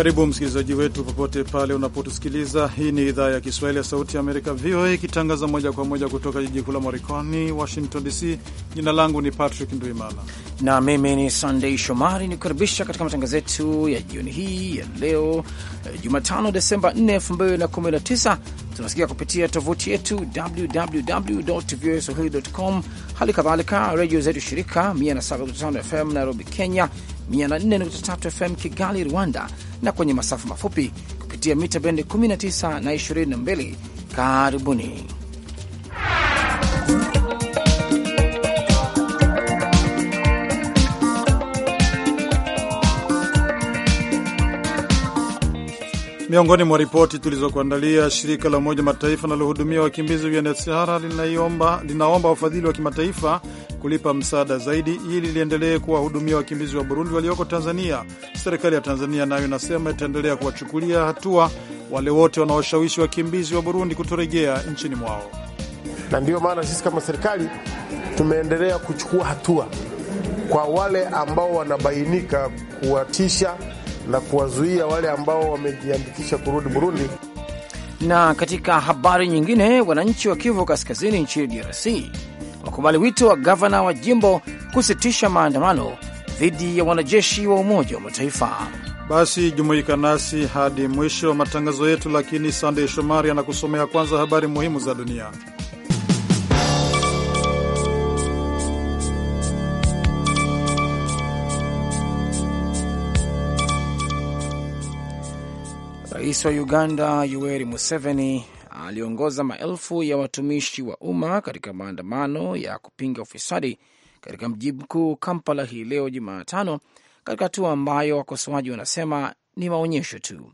Karibu msikilizaji wetu popote pale unapotusikiliza. Hii ni idhaa ya Kiswahili ya Sauti ya Amerika, VOA, ikitangaza moja kwa moja kutoka jiji kuu la Marekani, Washington DC. Jina langu ni Patrick Nduimana na mimi ni Sandei Shomari, ni kukaribisha katika matangazo yetu ya jioni hii ya leo eh, Jumatano, Desemba 4, 2019. Tunasikia kupitia tovuti yetu www voa swahili com, hali kadhalika redio zetu shirika 107.5 FM Nairobi, Kenya, 104.3 FM Kigali, Rwanda, na kwenye masafa mafupi kupitia mita bendi 19 na 22. Karibuni. Miongoni mwa ripoti tulizokuandalia, shirika la Umoja Mataifa linalohudumia wakimbizi UNHCR linaomba wafadhili wa kimataifa kulipa msaada zaidi ili liendelee kuwahudumia wakimbizi wa Burundi walioko Tanzania. Serikali ya Tanzania nayo inasema itaendelea kuwachukulia hatua wale wote wanaoshawishi wakimbizi wa Burundi kutorejea nchini mwao, na ndiyo maana sisi kama serikali tumeendelea kuchukua hatua kwa wale ambao wanabainika kuwatisha na kuwazuia wale ambao wamejiandikisha kurudi Burundi. Na katika habari nyingine, wananchi wa Kivu Kaskazini nchini DRC wakubali wito wa gavana wa jimbo kusitisha maandamano dhidi ya wanajeshi wa Umoja wa Mataifa. Basi jumuika nasi hadi mwisho wa matangazo yetu, lakini Sandey Shomari anakusomea kwanza habari muhimu za dunia. Rais wa Uganda Yoweri Museveni aliongoza maelfu ya watumishi wa umma katika maandamano ya kupinga ufisadi katika mji mkuu Kampala hii leo Jumatano, katika hatua ambayo wakosoaji wanasema ni maonyesho tu.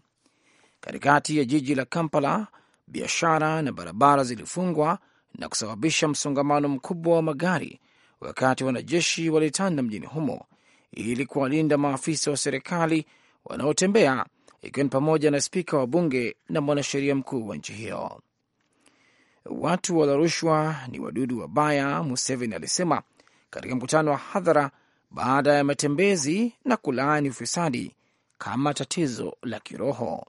Katikati ya jiji la Kampala, biashara na barabara zilifungwa na kusababisha msongamano mkubwa wa magari, wakati wanajeshi walitanda mjini humo ili kuwalinda maafisa wa serikali wanaotembea ikiwa ni pamoja na spika wa bunge na mwanasheria mkuu wa nchi hiyo. Watu wala rushwa ni wadudu wabaya, Museveni alisema katika mkutano wa hadhara baada ya matembezi na kulaani ufisadi kama tatizo la kiroho.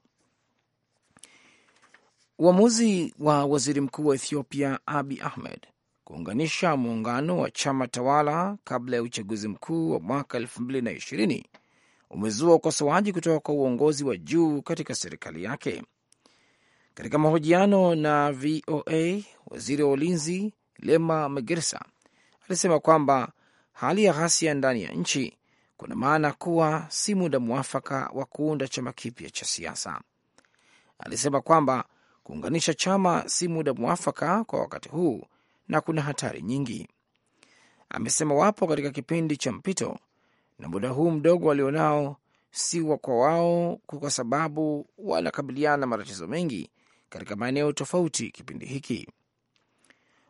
Uamuzi wa waziri mkuu wa Ethiopia Abi Ahmed kuunganisha muungano wa chama tawala kabla ya uchaguzi mkuu wa mwaka elfu mbili na ishirini umezua ukosoaji kutoka kwa uongozi wa juu katika serikali yake. Katika mahojiano na VOA, waziri wa ulinzi Lema Megersa alisema kwamba hali ya ghasia ndani ya nchi kuna maana kuwa si muda mwafaka wa kuunda chama kipya cha siasa. Alisema kwamba kuunganisha chama si muda mwafaka kwa wakati huu na kuna hatari nyingi. Amesema wapo katika kipindi cha mpito na muda huu mdogo walionao si wa kwa wao, kwa sababu wanakabiliana na matatizo mengi katika maeneo tofauti kipindi hiki.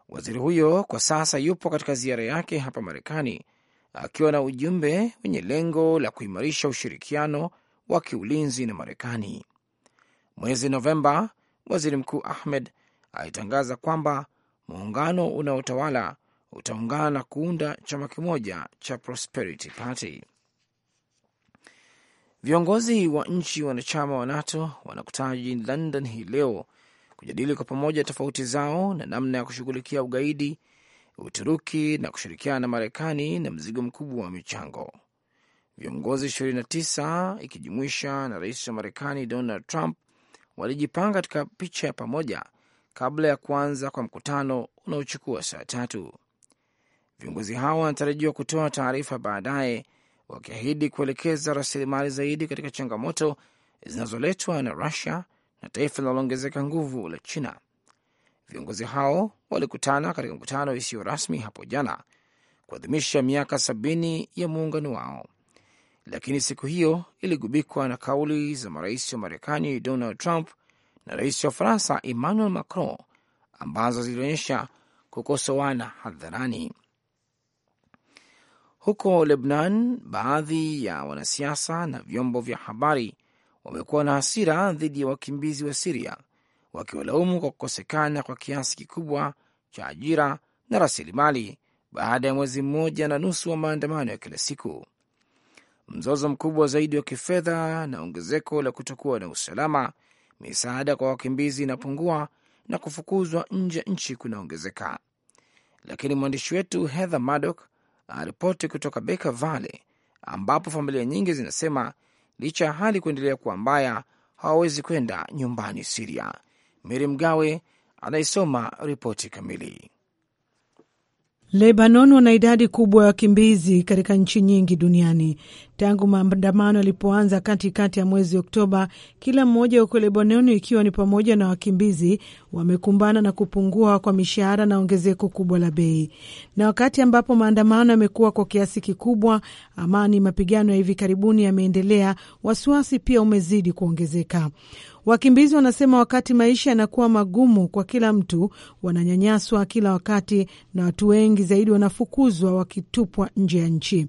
Waziri huyo kwa sasa yupo katika ziara yake hapa Marekani akiwa na ujumbe wenye lengo la kuimarisha ushirikiano wa kiulinzi na Marekani. Mwezi Novemba, waziri mkuu Ahmed alitangaza kwamba muungano unaotawala utaungana na kuunda chama kimoja cha Prosperity Party. Viongozi wa nchi wanachama wa NATO wanakutana jijini London hii leo kujadili kwa pamoja tofauti zao na namna ya kushughulikia ugaidi, Uturuki na kushirikiana na Marekani na mzigo mkubwa wa michango. Viongozi 29 ikijumuisha na rais wa Marekani Donald Trump walijipanga katika picha ya pamoja kabla ya kuanza kwa mkutano unaochukua saa tatu. Viongozi hao wanatarajiwa kutoa taarifa baadaye, wakiahidi kuelekeza rasilimali zaidi katika changamoto zinazoletwa na Rusia na taifa linaloongezeka nguvu la China. Viongozi hao walikutana katika mkutano isiyo rasmi hapo jana kuadhimisha miaka sabini ya muungano wao, lakini siku hiyo iligubikwa na kauli za marais wa Marekani Donald Trump na rais wa Faransa Emmanuel Macron ambazo zilionyesha kukosoana hadharani. Huko Lebanon, baadhi ya wanasiasa na vyombo vya habari wamekuwa na hasira dhidi ya wakimbizi wa Siria, wakiwalaumu kwa kukosekana kwa kiasi kikubwa cha ajira na rasilimali baada ya mwezi mmoja na nusu wa maandamano ya kila siku. Mzozo mkubwa zaidi wa kifedha na ongezeko la kutokuwa na usalama, misaada kwa wakimbizi inapungua na kufukuzwa nje ya nchi kunaongezeka. Lakini mwandishi wetu Heather Maddock anaripoti kutoka Beka Vale ambapo familia nyingi zinasema licha ya hali kuendelea kuwa mbaya hawawezi kwenda nyumbani Siria. Meri Mgawe anaisoma ripoti kamili. Lebanon wana idadi kubwa ya wakimbizi katika nchi nyingi duniani Tangu maandamano yalipoanza katikati ya mwezi Oktoba, kila mmoja huko Lebanoni, ikiwa ni pamoja na wakimbizi, wamekumbana na kupungua kwa mishahara na ongezeko kubwa la bei. Na wakati ambapo maandamano yamekuwa kwa kiasi kikubwa amani, mapigano ya hivi karibuni yameendelea, wasiwasi pia umezidi kuongezeka. Wakimbizi wanasema wakati maisha yanakuwa magumu kwa kila mtu, wananyanyaswa kila wakati, na watu wengi zaidi wanafukuzwa, wakitupwa nje ya nchi.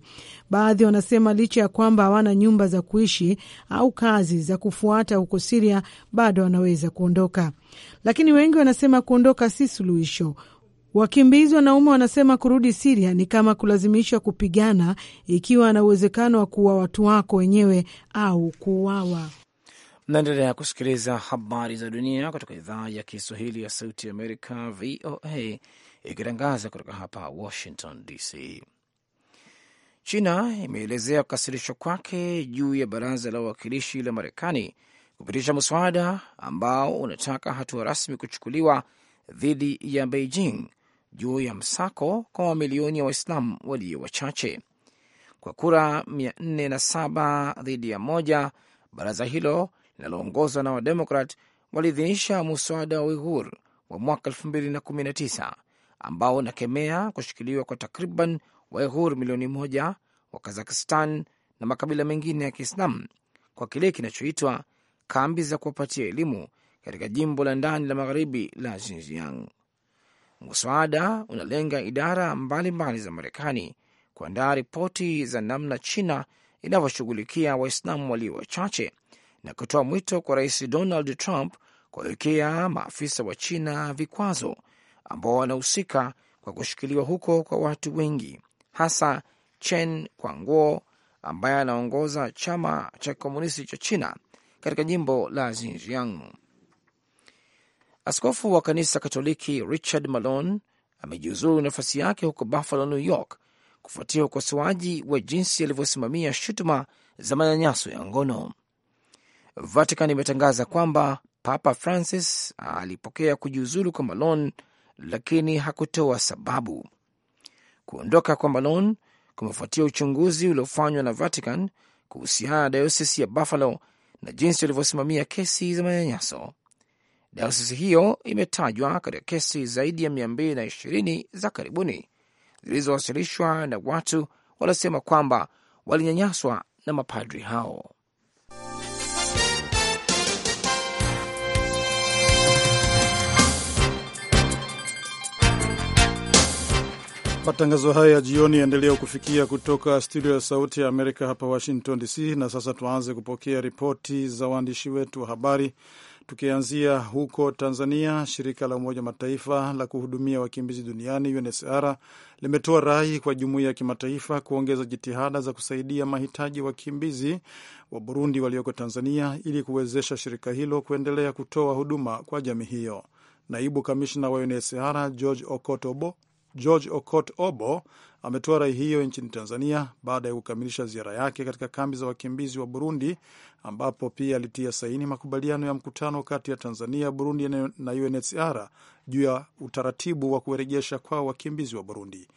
Baadhi wanasema licha licha ya kwamba hawana nyumba za kuishi au kazi za kufuata huko Siria, bado wanaweza kuondoka, lakini wengi wanasema kuondoka si suluhisho. Wakimbizi wanaume wanasema kurudi Siria ni kama kulazimishwa kupigana, ikiwa na uwezekano wa kuua watu wako wenyewe au kuuawa. Mnaendelea kusikiliza habari za dunia kutoka idhaa ya Kiswahili ya Sauti ya Amerika, VOA, ikitangaza kutoka hapa Washington DC. China imeelezea kukasirishwa kwake juu ya baraza la wawakilishi la Marekani kupitisha mswada ambao unataka hatua rasmi kuchukuliwa dhidi ya Beijing juu ya msako kwa mamilioni ya Waislamu walio wachache. Kwa kura 407 dhidi ya moja, baraza hilo linaloongozwa na Wademokrat waliidhinisha muswada wa Uighur wa mwaka 2019 ambao unakemea kushikiliwa kwa takriban Waighur milioni moja wa Kazakistan na makabila mengine ya kiislam kwa kile kinachoitwa kambi za kuwapatia elimu katika jimbo la ndani la magharibi la Xinjiang. Mswada unalenga idara mbalimbali mbali za Marekani kuandaa ripoti za namna China inavyoshughulikia Waislamu walio wachache na kutoa mwito kwa Rais Donald Trump kuwawekea maafisa wa China vikwazo ambao wanahusika kwa kushikiliwa huko kwa watu wengi hasa Chen Kwanguo ambaye anaongoza chama cha kikomunisti cha China katika jimbo la Xinjiang. Askofu wa kanisa Katoliki Richard Malone amejiuzuru nafasi yake huko Buffalo, New York, kufuatia ukosoaji wa jinsi alivyosimamia shutuma za manyanyaso ya ngono. Vatican imetangaza kwamba Papa Francis alipokea kujiuzulu kwa Malone, lakini hakutoa sababu. Kuondoka kwa Malone kumefuatia uchunguzi uliofanywa na Vatican kuhusiana na dayosisi ya Buffalo na jinsi walivyosimamia kesi za manyanyaso. Dayosisi hiyo imetajwa katika kesi zaidi ya 220 za karibuni zilizowasilishwa na watu wanasema kwamba walinyanyaswa na mapadri hao. Matangazo haya ya jioni yaendelea kufikia kutoka studio ya Sauti ya Amerika hapa Washington DC. Na sasa tuanze kupokea ripoti za waandishi wetu wa habari, tukianzia huko Tanzania. Shirika la Umoja Mataifa la kuhudumia wakimbizi duniani UNHCR limetoa rai kwa jumuiya ya kimataifa kuongeza jitihada za kusaidia mahitaji wakimbizi wa Burundi walioko Tanzania ili kuwezesha shirika hilo kuendelea kutoa huduma kwa jamii hiyo. Naibu kamishna wa UNHCR George Okotobo George Okot Obo ametoa rai hiyo nchini Tanzania baada ya kukamilisha ziara yake katika kambi za wakimbizi wa Burundi, ambapo pia alitia saini makubaliano ya mkutano kati ya Tanzania, Burundi na UNHCR juu ya utaratibu wa kuwarejesha kwa wakimbizi wa Burundi.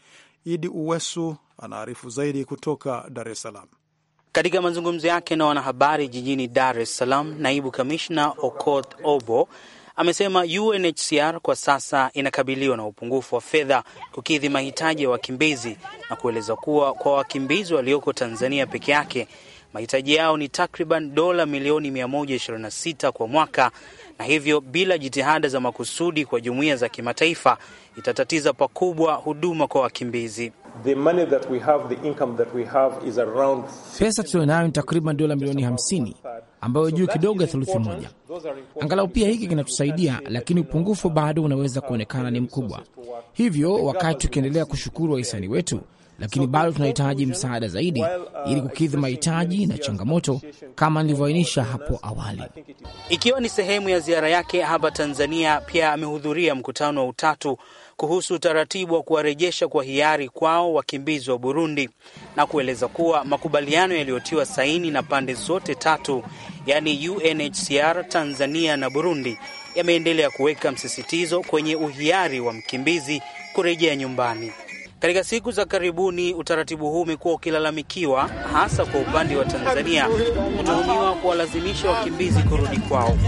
Idi Uwesu anaarifu zaidi kutoka Dar es Salaam. Katika mazungumzo yake na wanahabari jijini Dar es Salaam, naibu kamishna Okoth Obo amesema UNHCR kwa sasa inakabiliwa na upungufu wa fedha kukidhi mahitaji ya wakimbizi na kueleza kuwa kwa wakimbizi walioko Tanzania peke yake mahitaji yao ni takriban dola milioni 126 kwa mwaka na hivyo bila jitihada za makusudi kwa jumuiya za kimataifa itatatiza pakubwa huduma kwa wakimbizi. Pesa nayo ni takriban dola milioni 50 ambayo juu kidogo ya theluthi moja. Angalau pia hiki kinatusaidia, lakini upungufu bado unaweza kuonekana ni mkubwa. Hivyo wakati tukiendelea kushukuru wahisani wetu lakini bado tunahitaji msaada zaidi uh, ili kukidhi mahitaji na changamoto kama uh, nilivyoainisha uh, hapo awali. Ikiwa ni sehemu ya ziara yake hapa Tanzania, pia amehudhuria mkutano wa utatu kuhusu utaratibu wa kuwarejesha kwa hiari kwao wakimbizi wa Burundi na kueleza kuwa makubaliano yaliyotiwa saini na pande zote tatu, yaani UNHCR, Tanzania na Burundi, yameendelea kuweka msisitizo kwenye uhiari wa mkimbizi kurejea nyumbani. Katika siku za karibuni, utaratibu huu umekuwa ukilalamikiwa hasa kwa upande wa Tanzania, kutuhumiwa kuwalazimisha wakimbizi kurudi kwao.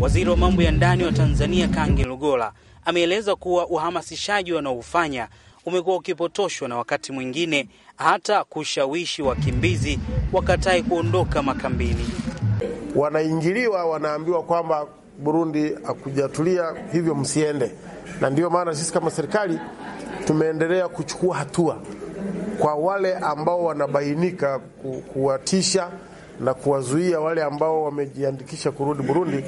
Waziri wa mambo ya ndani wa Tanzania Kangi Lugola ameeleza kuwa uhamasishaji wanaoufanya umekuwa ukipotoshwa na wakati mwingine hata kushawishi wakimbizi wakatae kuondoka makambini. Wanaingiliwa, wanaambiwa kwamba Burundi hakujatulia, hivyo msiende. Na ndiyo maana sisi kama serikali tumeendelea kuchukua hatua kwa wale ambao wanabainika ku, kuwatisha na kuwazuia wale ambao wamejiandikisha kurudi Burundi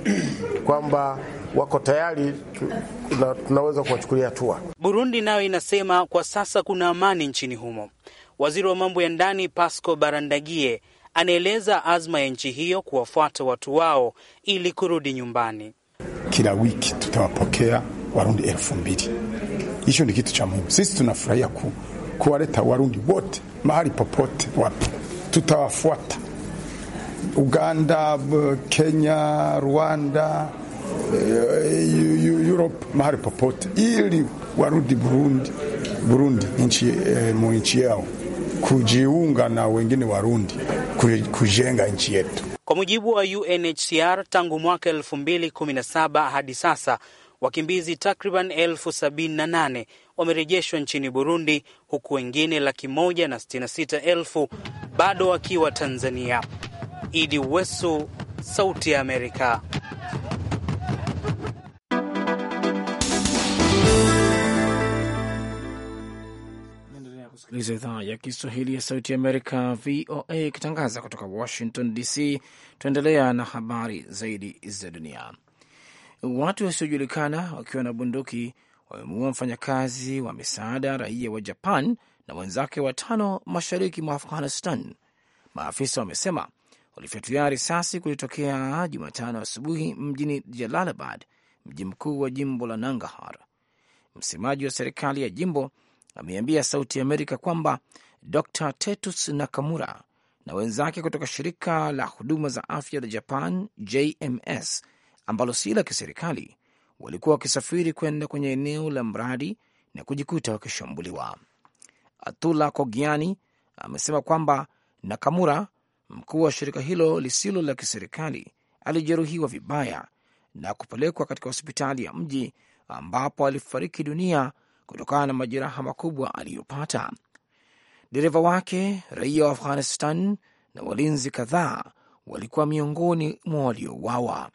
kwamba wako tayari na, tunaweza kuwachukulia hatua. Burundi nayo inasema kwa sasa kuna amani nchini humo. Waziri wa mambo ya ndani Pasco Barandagie anaeleza azma ya nchi hiyo kuwafuata watu wao ili kurudi nyumbani. Kila wiki tutawapokea Warundi elfu mbili. Hicho ni kitu cha muhimu. Sisi tunafurahia ku, kuwaleta Warundi wote mahali popote wapi, tutawafuata Uganda, Kenya, Rwanda, eh, Europe, mahali popote, ili warudi Burundi, Burundi nchi, e, mu nchi yao kujiunga na wengine Warundi kujenga nchi yetu. Kwa mujibu wa UNHCR tangu mwaka 2017 hadi sasa Wakimbizi takriban elfu sabini na nane wamerejeshwa nchini Burundi, huku wengine laki moja na sitini na sita elfu bado wakiwa Tanzania. Idi Wesu, Sauti ya Amerika. Kusikiliza idhaa ya Kiswahili ya Sauti ya Amerika, VOA, ikitangaza kutoka Washington DC. Tuendelea na habari zaidi za dunia. Watu wasiojulikana wakiwa na bunduki wamemuua mfanyakazi wa misaada raia wa Japan na wenzake watano mashariki mwa Afghanistan. Maafisa wamesema walifyatulia risasi kulitokea Jumatano asubuhi mjini Jalalabad, mji mkuu wa jimbo la Nangahar. Msemaji wa serikali ya jimbo ameambia Sauti ya Amerika kwamba Dr Tetus Nakamura na wenzake kutoka shirika la huduma za afya la Japan, JMS, ambalo si la kiserikali walikuwa wakisafiri kwenda kwenye eneo la mradi na kujikuta wakishambuliwa. Atula Kogiani amesema kwamba Nakamura, mkuu wa shirika hilo lisilo la kiserikali, alijeruhiwa vibaya na kupelekwa katika hospitali ya mji ambapo alifariki dunia kutokana na majeraha makubwa aliyopata. Dereva wake, raia wa Afghanistan, na walinzi kadhaa walikuwa miongoni mwa waliouawa.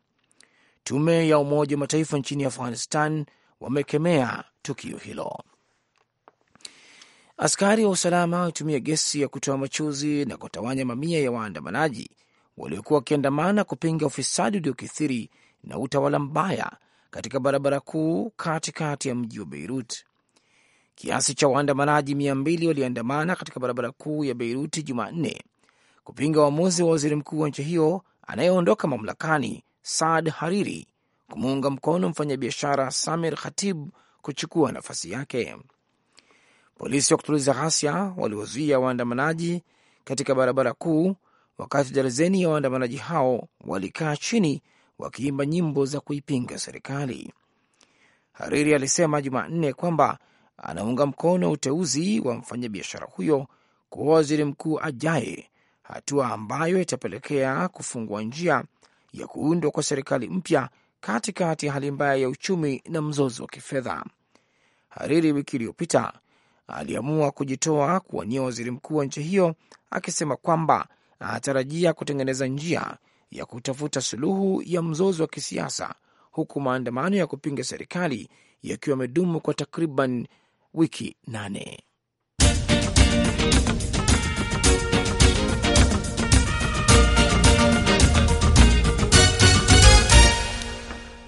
Tume ya Umoja wa Mataifa nchini Afghanistan wamekemea tukio hilo. Askari wa usalama walitumia gesi ya kutoa machozi na kutawanya mamia ya waandamanaji waliokuwa wakiandamana kupinga ufisadi uliokithiri na utawala mbaya katika barabara kuu katikati ya mji wa Beirut. Kiasi cha waandamanaji mia mbili waliandamana katika barabara kuu ya Beiruti Jumanne kupinga uamuzi wa waziri mkuu wa nchi hiyo anayeondoka mamlakani Saad Hariri kumuunga mkono mfanyabiashara Samir Khatib kuchukua nafasi yake. Polisi wa kutuliza ghasia waliwazuia waandamanaji katika barabara kuu, wakati darazeni ya waandamanaji hao walikaa chini wakiimba nyimbo za kuipinga serikali. Hariri alisema Jumanne kwamba anaunga mkono uteuzi wa mfanyabiashara huyo kuwa waziri mkuu ajaye, hatua ambayo itapelekea kufungua njia ya kuundwa kwa serikali mpya katikati ya hali mbaya ya uchumi na mzozo wa kifedha. Hariri wiki iliyopita aliamua kujitoa kuwania waziri mkuu wa nchi hiyo, akisema kwamba anatarajia kutengeneza njia ya kutafuta suluhu ya mzozo wa kisiasa, huku maandamano ya kupinga serikali yakiwa yamedumu kwa takriban wiki nane.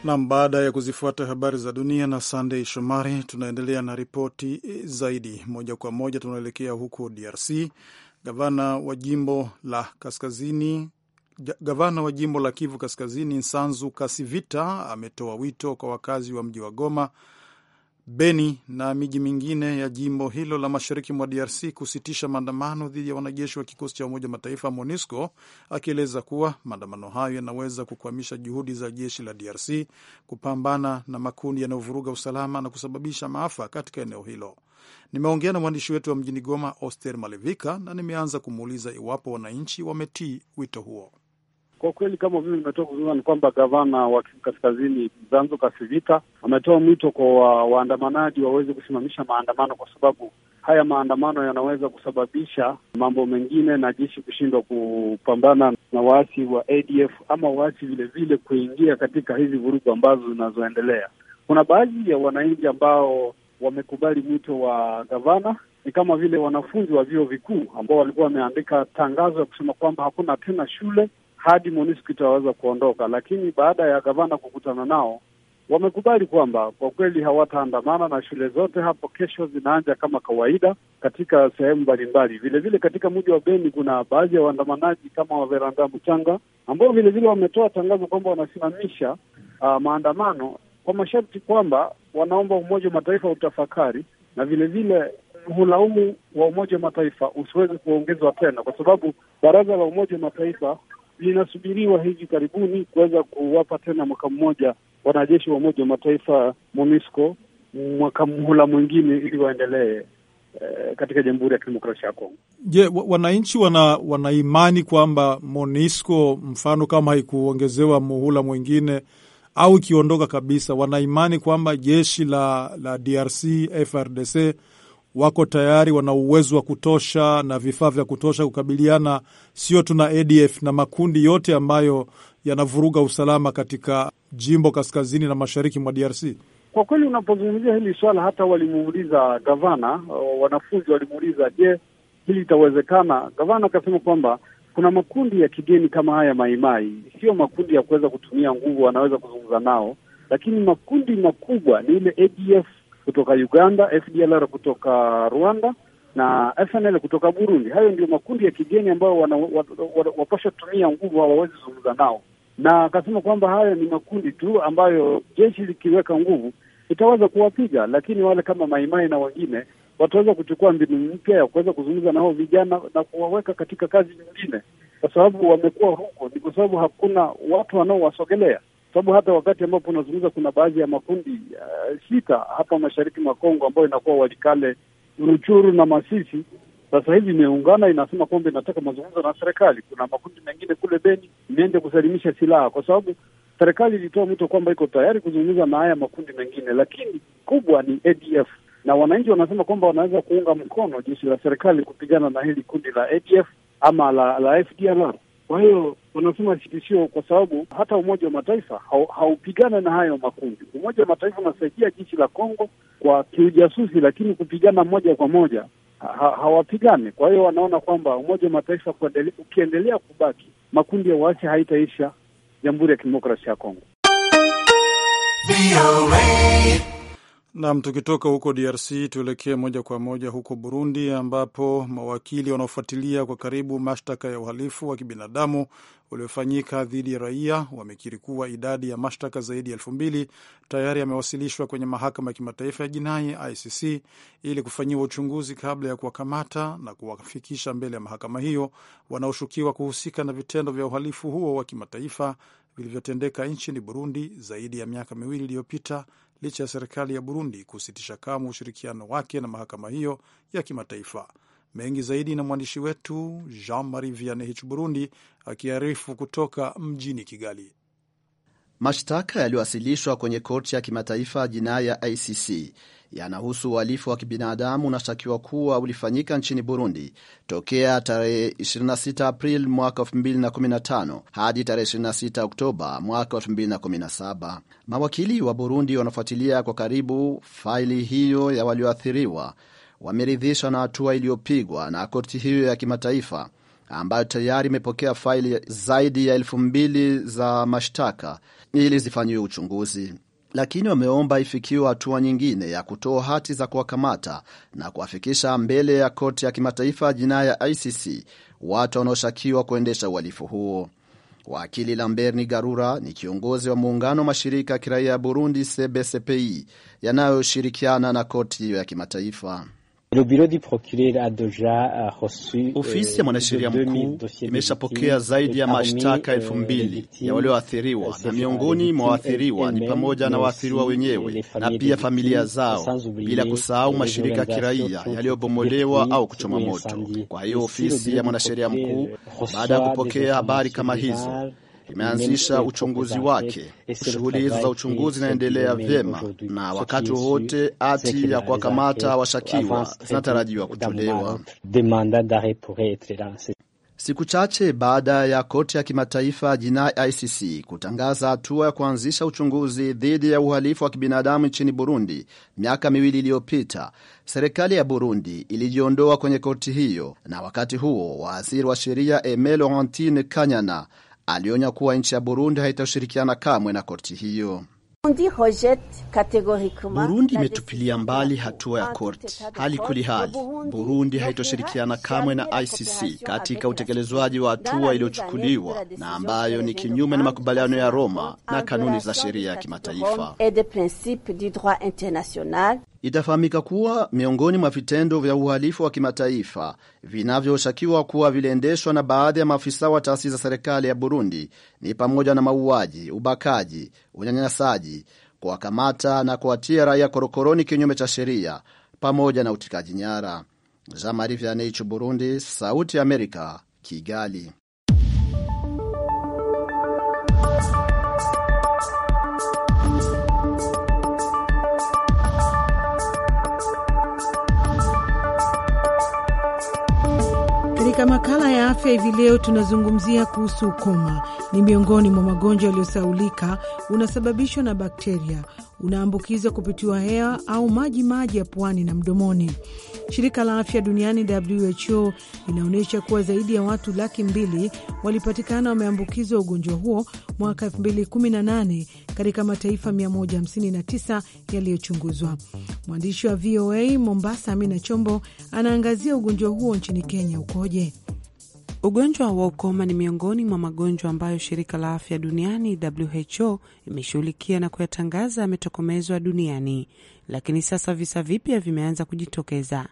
Nam, baada ya kuzifuata habari za dunia na Sandey Shomari, tunaendelea na ripoti zaidi. Moja kwa moja tunaelekea huko DRC. Gavana wa jimbo la kaskazini Gavana wa jimbo la Kivu Kaskazini, Nsanzu Kasivita, ametoa wito kwa wakazi wa mji wa Goma Beni na miji mingine ya jimbo hilo la mashariki mwa DRC kusitisha maandamano dhidi ya wanajeshi wa kikosi cha Umoja Mataifa MONUSCO, akieleza kuwa maandamano hayo yanaweza kukwamisha juhudi za jeshi la DRC kupambana na makundi yanayovuruga usalama na kusababisha maafa katika eneo hilo. Nimeongea na mwandishi wetu wa mjini Goma, Oster Malevika, na nimeanza kumuuliza iwapo wananchi wametii wito huo. Kwa kweli kama vile nimetoa kuzungumza, ni kwamba gavana wa Kivu Kaskazini Zanzo Kasivita ametoa mwito kwa waandamanaji waweze kusimamisha maandamano, kwa sababu haya maandamano yanaweza kusababisha mambo mengine na jeshi kushindwa kupambana na waasi wa ADF ama waasi vilevile kuingia katika hizi vurugu ambazo zinazoendelea. Kuna baadhi ya wananchi ambao wamekubali mwito wa gavana ni kama vile wanafunzi wa vyuo vikuu ambao walikuwa wameandika tangazo ya kusema kwamba hakuna tena shule hadi MONUSCO itaweza kuondoka, lakini baada ya gavana kukutana nao wamekubali kwamba kwa kweli hawataandamana na shule zote hapo kesho zinaanza kama kawaida katika sehemu mbalimbali. Vilevile katika mji wa Beni kuna baadhi ya waandamanaji kama waveranda mchanga ambao vilevile wametoa tangazo kwamba wanasimamisha uh, maandamano kwa masharti kwamba wanaomba Umoja wa Mataifa utafakari na vilevile mhulaumu wa Umoja wa Mataifa usiweze kuongezwa tena, kwa sababu baraza la Umoja wa Mataifa linasubiriwa hivi karibuni kuweza kuwapa tena mwaka mmoja wanajeshi wa Umoja wa Mataifa MONUSCO mwaka mhula mwingine ili waendelee eh, katika Jamhuri ya Kidemokrasia ya Kongo. Je, wananchi wana wanaimani kwamba MONUSCO mfano kama haikuongezewa muhula mwingine au ikiondoka kabisa, wanaimani kwamba jeshi la, la DRC FRDC wako tayari, wana uwezo wa kutosha na vifaa vya kutosha kukabiliana sio tu na ADF na makundi yote ambayo yanavuruga usalama katika jimbo kaskazini na mashariki mwa DRC. Kwa kweli, unapozungumzia hili swala, hata walimuuliza gavana, wanafunzi walimuuliza, je, hili itawezekana? Gavana akasema kwamba kuna makundi ya kigeni kama haya maimai, sio makundi ya kuweza kutumia nguvu, wanaweza kuzungumza nao, lakini makundi makubwa ni ile ADF kutoka Uganda, FDLR kutoka Rwanda na FNL kutoka Burundi. Hayo ndio makundi ya kigeni ambayo wapasha tumia nguvu, hawawezi zungumza nao, na akasema kwamba hayo ni makundi tu ambayo jeshi likiweka nguvu itaweza kuwapiga, lakini wale kama Maimai na wengine wataweza kuchukua mbinu mpya ya kuweza kuzungumza nao vijana na kuwaweka katika kazi nyingine, kwa sababu wamekuwa huko, ni kwa sababu hakuna watu wanaowasogelea sababu hata wakati ambapo unazungumza kuna baadhi ya makundi uh, sita hapa mashariki mwa Kongo ambayo inakuwa Walikale, Ruchuru na Masisi, sasa hivi imeungana inasema kwamba inataka mazungumzo na serikali. Kuna makundi mengine kule Beni imeende kusalimisha silaha, kwa sababu serikali ilitoa mwito kwamba iko tayari kuzungumza na haya makundi mengine, lakini kubwa ni ADF na wananchi wanasema kwamba wanaweza kuunga mkono jeshi la serikali kupigana na hili kundi la ADF ama la, la FDLR. Kwa hiyo wanasema sio, kwa sababu hata Umoja wa Mataifa haupigana hau na hayo makundi. Umoja wa Mataifa unasaidia jeshi la Kongo kwa kiujasusi, lakini kupigana moja kwa moja ha, hawapigani. Kwa hiyo wanaona kwamba Umoja wa Mataifa ukiendelea kubaki, makundi ya waasi haitaisha Jamhuri ya Kidemokrasia ya Kongo. Nam, tukitoka huko DRC tuelekee moja kwa moja huko Burundi, ambapo mawakili wanaofuatilia kwa karibu mashtaka ya uhalifu wa kibinadamu uliofanyika dhidi ya raia wamekiri kuwa idadi ya mashtaka zaidi ya elfu mbili tayari yamewasilishwa kwenye mahakama ya kimataifa ya jinai ICC ili kufanyiwa uchunguzi kabla ya kuwakamata na kuwafikisha mbele ya mahakama hiyo wanaoshukiwa kuhusika na vitendo vya uhalifu huo wa kimataifa vilivyotendeka nchini Burundi zaidi ya miaka miwili iliyopita licha ya serikali ya Burundi kusitisha kamwe ushirikiano wake na mahakama hiyo ya kimataifa. Mengi zaidi na mwandishi wetu Jean Marie Vianney Burundi akiarifu kutoka mjini Kigali. Mashtaka yaliyowasilishwa kwenye koti ya kimataifa jinai ya ICC yanahusu uhalifu wa kibinadamu unashtakiwa kuwa ulifanyika nchini Burundi tokea tarehe 26 Aprili mwaka 2015 hadi tarehe 26 Oktoba mwaka 2017. Mawakili wa Burundi wanafuatilia kwa karibu faili hiyo ya walioathiriwa, wameridhishwa na hatua iliyopigwa na koti hiyo ya kimataifa ambayo tayari imepokea faili zaidi ya elfu mbili za mashtaka ili zifanyiwe uchunguzi, lakini wameomba ifikiwe hatua nyingine ya kutoa hati za kuwakamata na kuwafikisha mbele ya koti ya kimataifa ya jinai ya ICC watu wanaoshukiwa kuendesha uhalifu huo. Wakili Lambert Nigarura ni kiongozi wa muungano wa mashirika ya kiraia ya Burundi, CBCPI, yanayoshirikiana na koti hiyo ya kimataifa. Euh, euh, ofisi ya mwanasheria mkuu imeshapokea zaidi ya mashtaka elfu euh, mbili ya walioathiriwa, na miongoni mwa waathiriwa ni pamoja na waathiriwa wenyewe na pia familia zao, bila kusahau mashirika ya kiraia yaliyobomolewa au kuchoma moto. Kwa hiyo ofisi ya mwanasheria mkuu, baada ya kupokea habari kama hizo imeanzisha uchunguzi wake. Shughuli hizo za uchunguzi zinaendelea vyema, na wakati wowote hati ya kuwakamata washakiwa zinatarajiwa kutolewa. Siku chache baada ya koti ya kimataifa jinai ICC kutangaza hatua ya kuanzisha uchunguzi dhidi ya uhalifu wa kibinadamu nchini Burundi miaka miwili iliyopita, serikali ya Burundi ilijiondoa kwenye koti hiyo, na wakati huo waziri wa sheria Aime Laurentine Kanyana alionya kuwa nchi ya Burundi haitashirikiana kamwe na korti hiyo. Burundi imetupilia mbali hatua ya korti. Hali kuli hali, Burundi haitoshirikiana kamwe na ICC katika utekelezwaji wa hatua iliyochukuliwa na ambayo ni kinyume na makubaliano ya Roma na kanuni za sheria ya kimataifa itafahamika kuwa miongoni mwa vitendo vya uhalifu wa kimataifa vinavyoshukiwa kuwa viliendeshwa na baadhi ya maafisa wa taasisi za serikali ya Burundi ni pamoja na mauaji, ubakaji, unyanyasaji, kuwakamata na kuwatia raia korokoroni kinyume cha sheria pamoja na utekaji nyara. Jean Marie Vianney, Burundi, Sauti ya Amerika, Kigali. Katika makala ya afya hivi leo tunazungumzia kuhusu ukoma. Ni miongoni mwa magonjwa yaliyosaulika, unasababishwa na bakteria unaambukizwa kupitiwa hewa au maji maji ya pwani na mdomoni. Shirika la afya duniani WHO inaonyesha kuwa zaidi ya watu laki mbili walipatikana wameambukizwa ugonjwa huo mwaka 2018 katika mataifa 159 yaliyochunguzwa. Mwandishi wa VOA Mombasa, Amina Chombo, anaangazia ugonjwa huo nchini Kenya ukoje. Ugonjwa wa ukoma ni miongoni mwa magonjwa ambayo shirika la afya duniani WHO imeshughulikia na kuyatangaza yametokomezwa duniani, lakini sasa visa vipya vimeanza kujitokeza.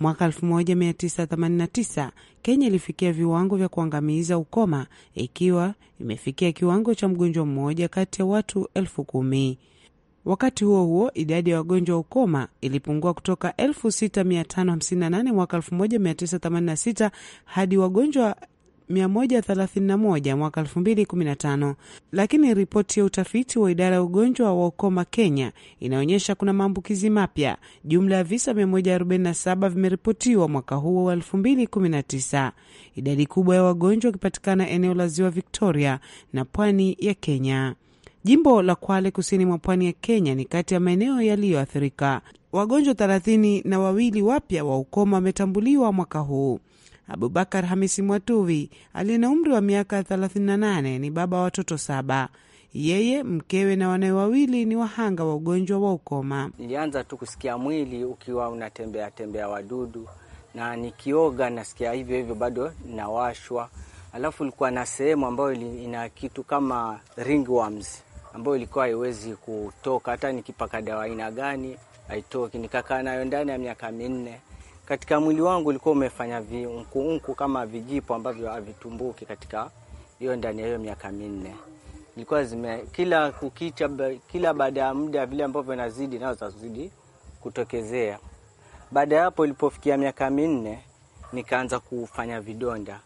Mwaka 1989 Kenya ilifikia viwango vya kuangamiza ukoma, ikiwa imefikia kiwango cha mgonjwa mmoja kati ya watu elfu kumi. Wakati huo huo, idadi ya wagonjwa wa ukoma ilipungua kutoka 6558 mwaka 1986 hadi wagonjwa 131 mwaka 2015, lakini ripoti ya utafiti wa idara ya ugonjwa wa ukoma Kenya inaonyesha kuna maambukizi mapya. Jumla ya visa 147 vimeripotiwa mwaka huo wa 2019, idadi kubwa ya wagonjwa wakipatikana eneo la Ziwa Victoria na pwani ya Kenya. Jimbo la Kwale kusini mwa pwani ya Kenya ni kati ya maeneo yaliyoathirika. Wagonjwa thelathini na wawili wapya wa ukoma wametambuliwa mwaka huu. Abubakar Hamisi Mwatuvi aliye na umri wa miaka 38 ni baba wa watoto saba. Yeye, mkewe na wanawe wawili ni wahanga wa ugonjwa wa ukoma. Nilianza tu kusikia mwili ukiwa unatembea tembea wadudu, na nikioga nasikia hivyo hivyo, bado nawashwa. Alafu ilikuwa na sehemu ambayo ina kitu kama ringworms ambayo ilikuwa haiwezi kutoka, hata nikipaka dawa aina gani haitoki. Nikakaa nayo ndani ya miaka minne katika mwili wangu ulikuwa umefanya viunkuunku kama vijipo ambavyo havitumbuki. Katika hiyo ndani ya hiyo miaka minne ilikuwa zime kila kukicha, kila baada ya muda vile ambavyo nazidi nao zazidi kutokezea. Baada ya hapo, ilipofikia miaka minne, nikaanza kufanya vidonda.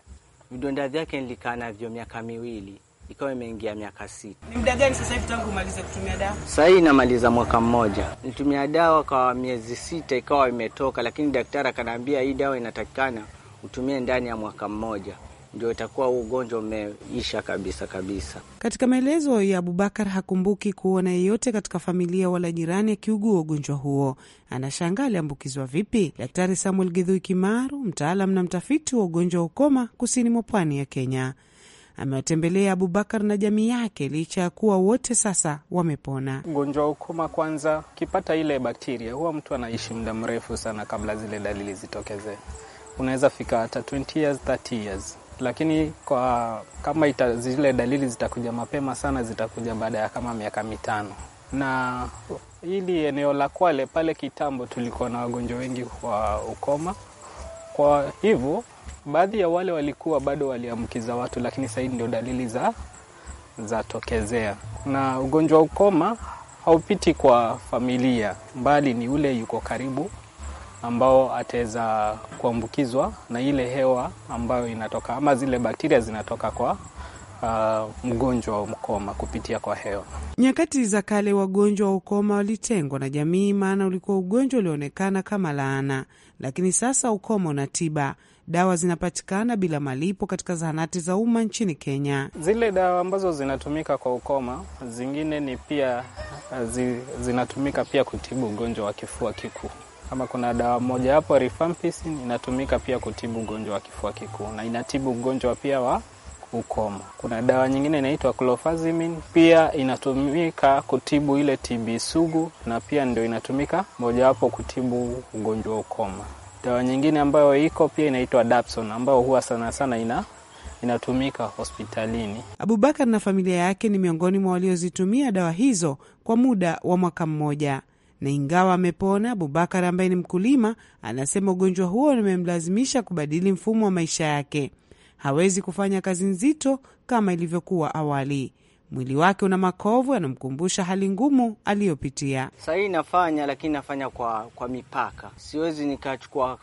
Vidonda vyake nilikaa navyo miaka miwili ikawa imeingia miaka sita. Ni muda gani sasa hivi tangu umalize kutumia dawa? Sasa hii inamaliza mwaka mmoja. Nilitumia dawa kwa miezi sita, ikawa imetoka, lakini daktari akaniambia hii dawa inatakikana utumie ndani ya mwaka mmoja ndio itakuwa huu ugonjwa umeisha kabisa kabisa. Katika maelezo ya Abubakar, hakumbuki kuona yeyote katika familia wala jirani akiugua ugonjwa huo. Anashangaa aliambukizwa vipi. Daktari Samuel Gidhui Kimaru, mtaalam na mtafiti wa ugonjwa wa ukoma kusini mwa pwani ya Kenya, amewatembelea Abubakar na jamii yake licha ya kuwa wote sasa wamepona. Ugonjwa wa ukoma kwanza, ukipata ile bakteria huwa mtu anaishi muda mrefu sana kabla zile dalili zitokeze Unaweza fika hata 20 years, 30 years lakini kwa kama ita, zile dalili zitakuja mapema sana, zitakuja baada ya kama miaka mitano. Na hili eneo la Kwale pale kitambo tulikuwa na wagonjwa wengi wa ukoma, kwa hivyo baadhi ya wale walikuwa bado waliambukiza watu, lakini sasa ndio dalili za zatokezea. Na ugonjwa wa ukoma haupiti kwa familia, mbali ni ule yuko karibu ambao ataweza kuambukizwa na ile hewa ambayo inatoka ama zile bakteria zinatoka kwa uh, mgonjwa wa ukoma kupitia kwa hewa. Nyakati za kale, wagonjwa wa ukoma walitengwa na jamii, maana ulikuwa ugonjwa ulioonekana kama laana, lakini sasa ukoma una tiba. Dawa zinapatikana bila malipo katika zahanati za umma nchini Kenya. Zile dawa ambazo zinatumika kwa ukoma, zingine ni pia zi, zinatumika pia kutibu ugonjwa wa kifua kikuu kama kuna dawa moja hapo rifampicin inatumika pia kutibu ugonjwa wa kifua kikuu na inatibu ugonjwa pia wa ukoma. Kuna dawa nyingine inaitwa clofazimin pia inatumika kutibu ile TB sugu, na pia ndio inatumika mojawapo kutibu ugonjwa wa ukoma. Dawa nyingine ambayo iko pia inaitwa Dapson ambayo huwa sana sana ina inatumika hospitalini. Abubakar na familia yake ni miongoni mwa waliozitumia dawa hizo kwa muda wa mwaka mmoja, na ingawa amepona, Abubakar ambaye ni mkulima anasema ugonjwa huo umemlazimisha kubadili mfumo wa maisha yake. Hawezi kufanya kazi nzito kama ilivyokuwa awali. Mwili wake una makovu yanamkumbusha hali ngumu aliyopitia. sahii nafanya, lakini nafanya kwa, kwa mipaka. Siwezi nikachukua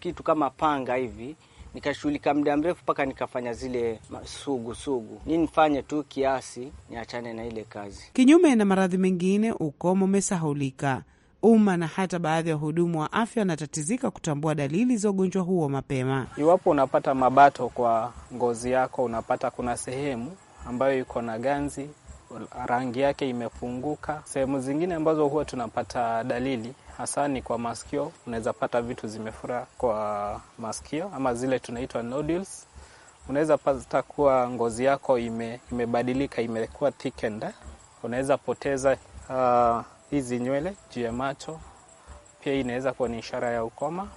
kitu kama panga hivi nikashughulika muda mrefu mpaka nikafanya zile sugu sugu. Ni nifanye tu kiasi, niachane na ile kazi. Kinyume na maradhi mengine, ukomo umesahulika. Umma na hata baadhi ya wahudumu wa afya wanatatizika kutambua dalili za ugonjwa huo mapema. Iwapo unapata mabato kwa ngozi yako, unapata kuna sehemu ambayo iko na ganzi, rangi yake imepunguka. Sehemu zingine ambazo huwa tunapata dalili hasa ni kwa masikio, unaweza pata vitu zimefura kwa masikio ama zile tunaitwa nodules. Unaweza pata kuwa ngozi yako ime, imebadilika imekuwa thickened. Unaweza poteza uh, hizi nywele juu ya macho, pia inaweza kuwa ni ishara ya ukoma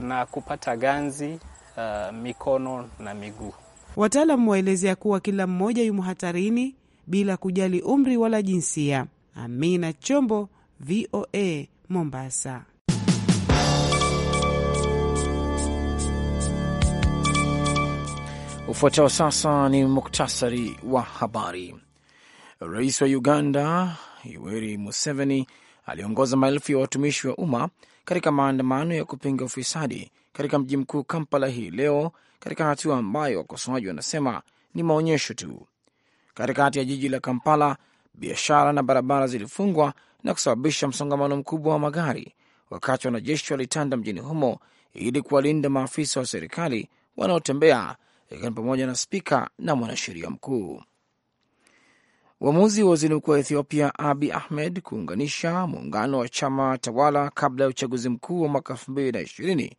na kupata ganzi uh, mikono na miguu. Wataalam waelezea kuwa kila mmoja yumo hatarini bila kujali umri wala jinsia. Amina Chombo, VOA Mombasa. Ufuatao sasa ni muktasari wa habari. Rais wa Uganda Yoweri Museveni aliongoza maelfu ya watumishi wa umma katika maandamano ya kupinga ufisadi katika mji mkuu Kampala hii leo katika hatua ambayo wakosoaji wanasema ni maonyesho tu. Katikati ya jiji la Kampala, biashara na barabara zilifungwa na kusababisha msongamano mkubwa wa magari, wakati wanajeshi walitanda mjini humo ili kuwalinda maafisa wa serikali wanaotembea, ikiwa ni pamoja na spika na mwanasheria mkuu. Uamuzi wa waziri mkuu wa Ethiopia Abi Ahmed kuunganisha muungano wa chama tawala kabla ya uchaguzi mkuu wa mwaka elfu mbili na ishirini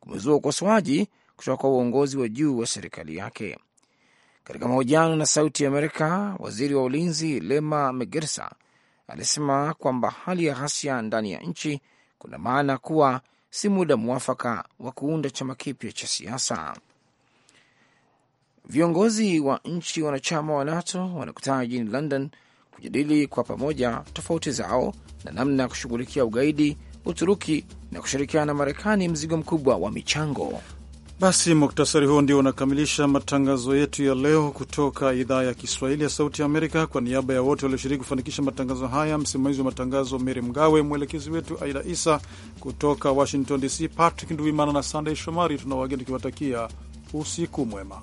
kumezua ukosoaji kutoka kwa uongozi wa juu wa serikali yake. Katika mahojiano na Sauti Amerika, waziri wa ulinzi Lema Megersa alisema kwamba hali ya ghasia ndani ya nchi kuna maana kuwa si muda mwafaka wa kuunda chama kipya cha siasa. Viongozi wa nchi wanachama wa NATO wanakutana jijini London kujadili kwa pamoja tofauti zao na namna ya kushughulikia ugaidi. Uturuki na kushirikiana na Marekani mzigo mkubwa wa michango basi muktasari huo ndio unakamilisha matangazo yetu ya leo kutoka idhaa ya Kiswahili ya Sauti ya Amerika. Kwa niaba ya wote walioshiriki kufanikisha matangazo haya, msimamizi wa matangazo Meri Mgawe, mwelekezi wetu Aida Isa kutoka Washington DC, Patrick Nduimana na Sandey Shomari, tunawageni tukiwatakia usiku mwema.